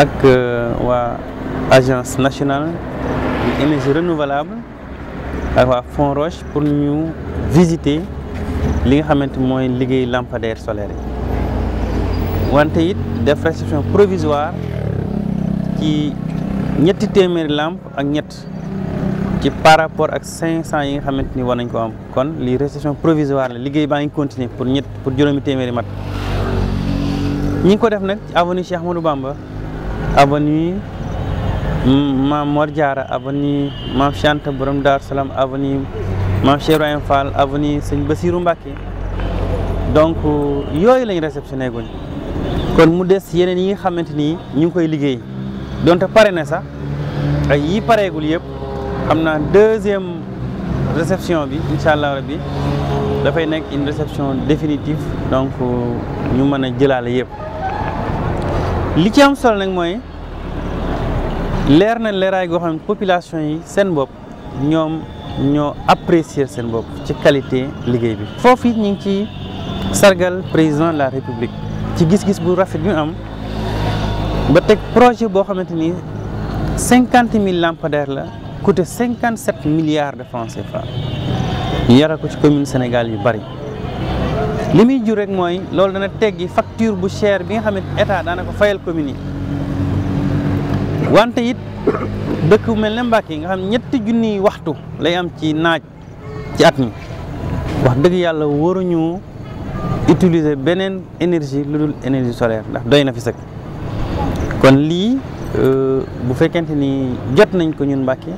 ak euh, waa agence nationale de énergie renouvelable ak waa Fond Roche pour ñu visiter li nga xamante mooy liggéey lampadaire solaire yi wante it def réception provisoire ci ñetti téeméeri lamp ak ñett ci par rapport ak cinq cent yi nga xamante ni war nañ ko am kon li réception provisoire la liggéey baa ngi continuer pour ñett pour juróomi téeméeri mat ñi ko def nag ci Ahmadou Bamba avenue mm, Mame Mor Diarra avenue Mame Cheikh Anta Borom Darou Salam avenue Mame Cheikh Ibrahima Fall avenue Sëñ Bassirou Mbacké donc yooyu lañ réceptionné guñ kon mu des yeneen yi nga xamante ni ñu ngi koy liggéey donte pare na sax ay yi pareegul yëpp xam naa deuxième réception bi incha allah rabbi dafay nekk une réception définitive donc ñu mën a jëlaale yëpp li ci am solo nag mooy leer na leeraay goo xam ne population yi seen bopp ñoom ñoo apprécier seen bopp ci qualité liggéey bi foofu it ñu ngi ci sargal président de la république ci gis-gis bu rafet yu am ba teg projet boo xamante ni cinquante mille lampadaires la coûté cinquante sept milliards de francs CFA ñu yara ko ci commune Sénégal yu bari li muy jur rek mooy loolu dana teggi facture bu cher bi nga xam ne état daana ko fayal communes yi wante it dëkk bu mel ne Mbàkke nga xam ñetti junniy waxtu lay am ci naaj ci at mi wax dëgg yàlla waruñu utiliser beneen énergie lu dul énergie solaire ndax doy na fi sëkk kon lii euh, bu fekkente ni jot nañ ko ñun Mbàkke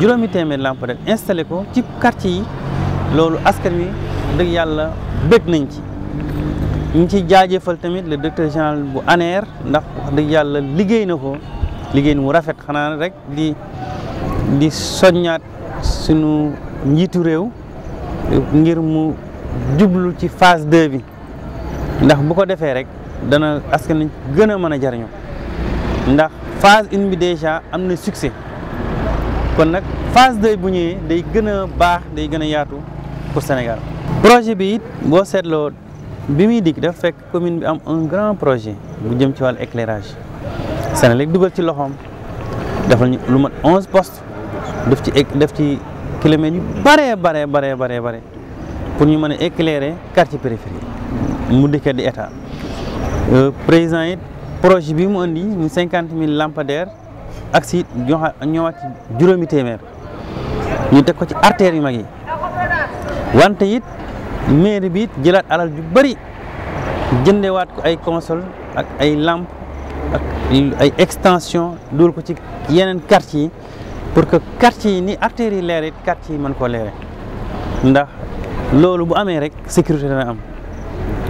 juróomi téeméer lampe rek installé ko ci quartier yi loolu askan wi dëgg yàlla bëgg nañ ci ñu ci jaajëfal tamit le directeur général bu ANER ndax wax dëgg yàlla liggéey na ko liggéey mu rafet xanaa rek di di soññaat suñu njiitu réew ngir mu jublu ci phase 2 bi ndax bu ko defee rek dana askan gën a mën a jariñu ndax phase 1 bi déjà am na succès kon nag phase 2 bu ñëwee day gën a baax day gën a yaatu pour Sénégal projet bi it boo seetloo bi muy dikk def fekk commune bi am un grand projet bu jëm ci wàllu éclairage Senelec dugal ci loxoom defal ñu lu mat onze postes def ci def ci kilomètres bëree bare bare bare bare pour ñu mën a éclairer quartier périphérie mu dikkee di état euh, président it projet bi mu indi mu cinquante mille lampadaires ak si ñëwaat ci juróomi téeméer ñu teg ko ci artères mag yi wante it mairie bi it jëlaat alal ju bëri jëndewaat ko ay console ak ay làmp ak ay extension dugal ko ci yeneen quartier pour que quartier yi ni artères yi leere it quartier yi mën koo leere ndax loolu bu amee rek sécurité dana am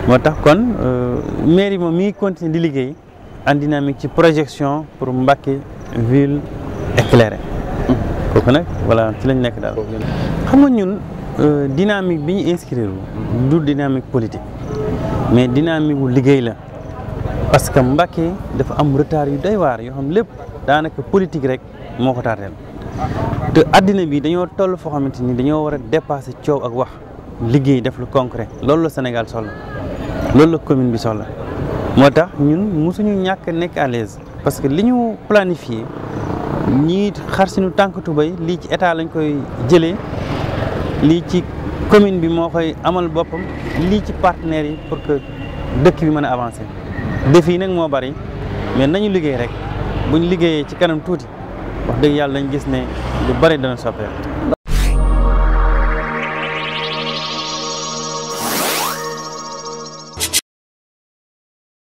moo tax kon euh, mairie moom mi continue di liggéey en dynamique ci projection pour Mbacké ville éclairée mm. kooku nag wala ci lañ nekk daal xam Euh, dynamique bi ñu inscrire du dynamique politique mais dynamique wu liggéey la parce que Mbacké dafa am retard yu doy waar yoo xam lépp daanaka politique rek moo ko tardeel te addina bi dañoo toll foo xamante ni dañoo war a dépasser coow ak wax liggéey def lu concret loolu la Sénégal soxla loolu la commune bi soxla moo tax ñun mosuñu ñàkk nekk à l'aise parce que li ñu planifié ñii xar suñu tànk tubéy lii ci état lañ koy jëlee. lii ci commune bi moo koy amal boppam lii ci partenaires yi pour que dëkk bi mën a avancer défi yi nag moo bari mais nañu liggéey rek buñ liggéeyee ci kanam tuuti wax dëgg yàlla dañ gis ne lu bari dana soppeeku.